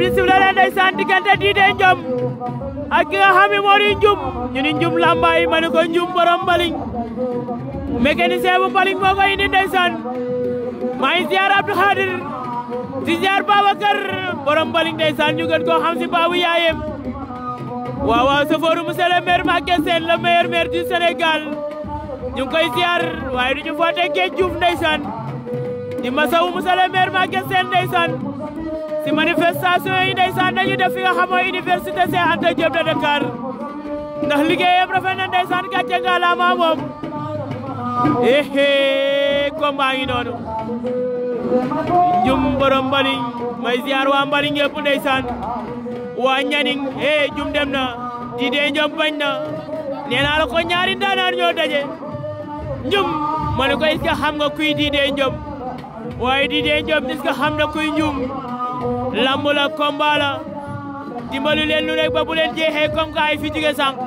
bisib la leen ndeysaan diggante Didé Njom ak nga xam ne di Njum ñu ni Njum Lambaay ma ne ko Njum borom Mbaling mécanicien bu Mbaling moo ko indi ndeysaan maa ngi ziar Abdou Khadir di ziar Babacar borom Mbaling ndeysaan ñu gën koo xam si baabu yaayem waaw waaw sofooru monsieur le maire Maguette Sène le meilleur maire du Sénégal ñu koy ziar waaye du ñu foote di masawu monsieur le maire Maguette si manifestation yi ndeysaan dañuy def fi nga xam mooy université Anta Diop de Dakar ndax liggéeyam rafet na ndeysaan gàcce nga la ma moom ehe eh, combat ngi noonu njum borom mbaliñ may ziar waa mbaliñ yëpp ndeysaan waa ñaniñ eh jum dem na di dee njom bañ na nee la ko ñaari ndaanaan ñoo daje njum ma ne ko est xam nga kuy di dee njom waaye di dee njom est xam na kuy njum lamb la combat la dimbalu leen lu nekk ba bu leen jeexee comme gaay fi jóge sànq laa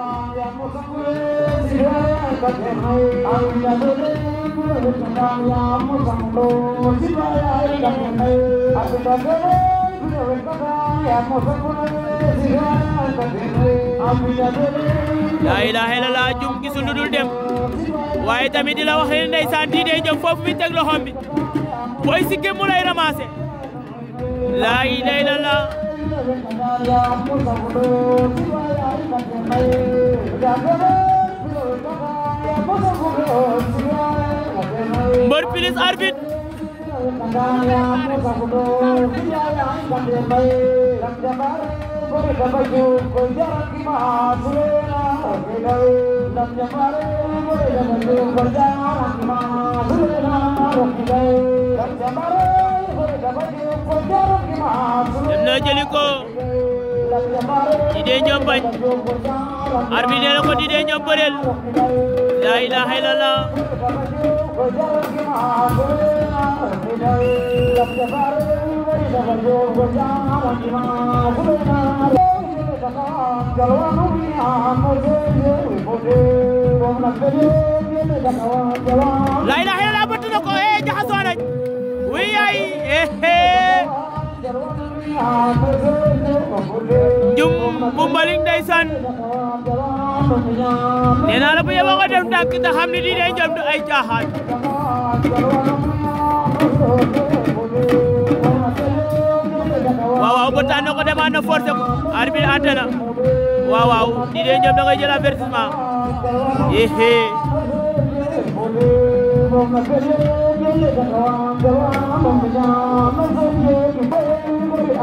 ilaaha illallaah jum gisul lu dul dem waaye tamit di la wax leen ndeysaan di dee foofu mi teg loxoom bi booy sikke mu lay ramasser laa ilaaha illallah mbër pilis arbitre dem na jëli ko Didé njum bu mbaling ndeysaan nee naa la bu yeboo nga dem tàkk te xam ne di dee jom du ay caaxaan waaw waaw ba tànn ko demaat na forcé ko arbitre àtte na waaw waaw di dee jom da ngay jël avertissement ehe eh.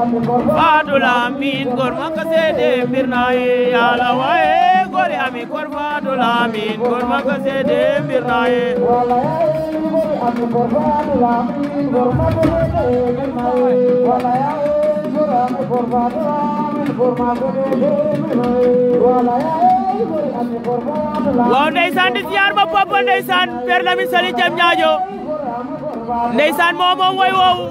faatula min gor makka seede mbirnaye yaala waye gore ami gor faatula min gor makka seede mbirnaye waaw ndeysaan di siyaar ba bopp ndeysaan Père Lamine Sali jam ñaajo ndeysaan moo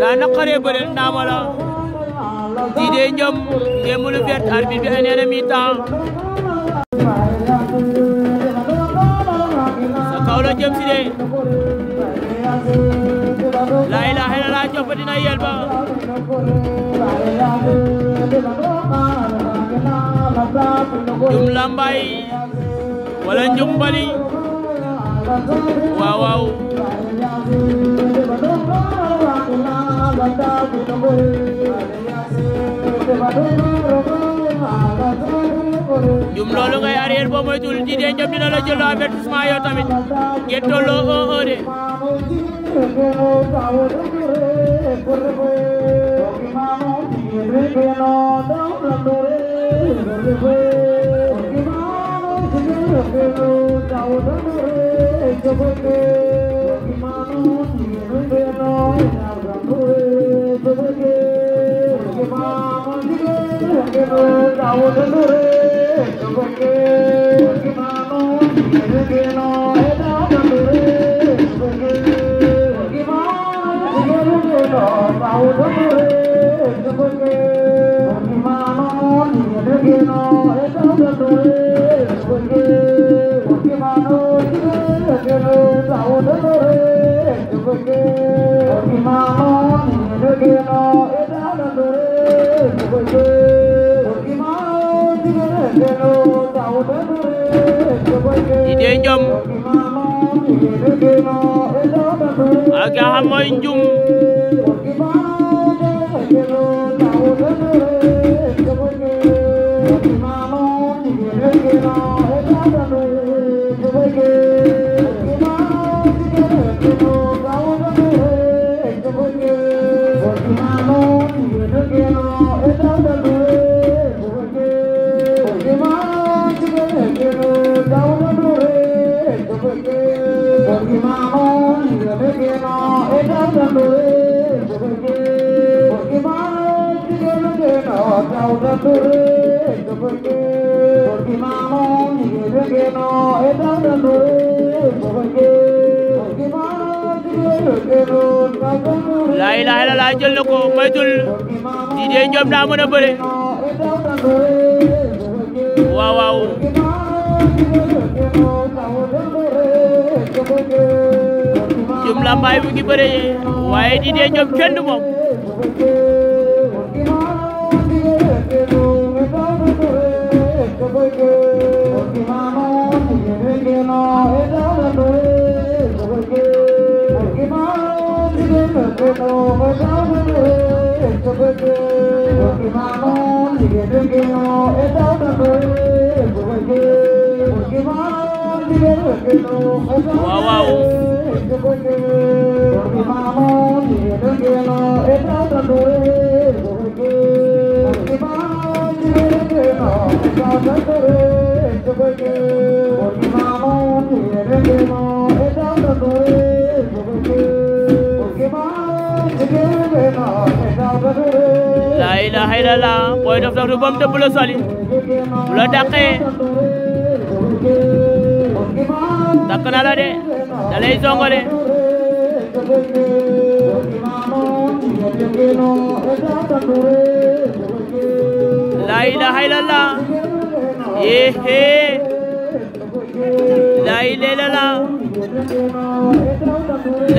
daa naqaree bëre ndaama la Didé Ndiom ngemu lu vert arbitre bi nee na mi-temps sa kaw la jëm si de laa ilaaha illallaah coppati na yel ba jum lambay wala njum bali jum loolu ngay arrière boo moytul jigéen ñoom dina la jël avertissement tamit de Thank you. नगीमाने दु वॻे अगिमानो नीर गेनो Didé Diom ak nga xam mooy Ndioum la ilaha illallah jël majul, ko dia Dj nama daa mën wow. jum lambaay mu ngi bëre waaye di dee ñoom kenn Wow, wow. La ilaha illallah, poin of the Rubam Tabula kanala de dalai zongo de la ilaha illallah ehe la ilaha illallah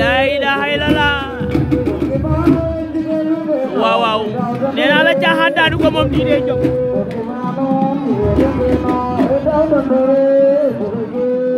la ilaha illallah waaw waaw nee naa la caaxaan daanu ko moom diine jóg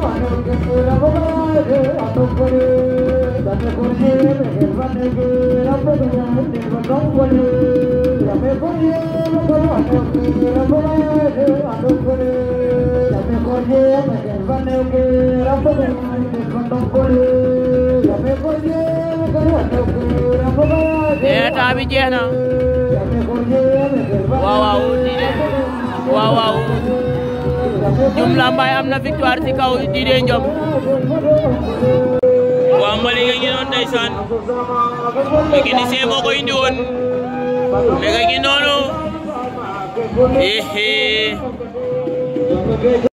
temps bi jeex na waaw waaw waaw waaw Diouf Lambaye am na victoire ci kaw Didé Ndiom waa Mbalingue ngi noonu ndeysaan mécanicien moo ko indi woon mega ngi noonu ehe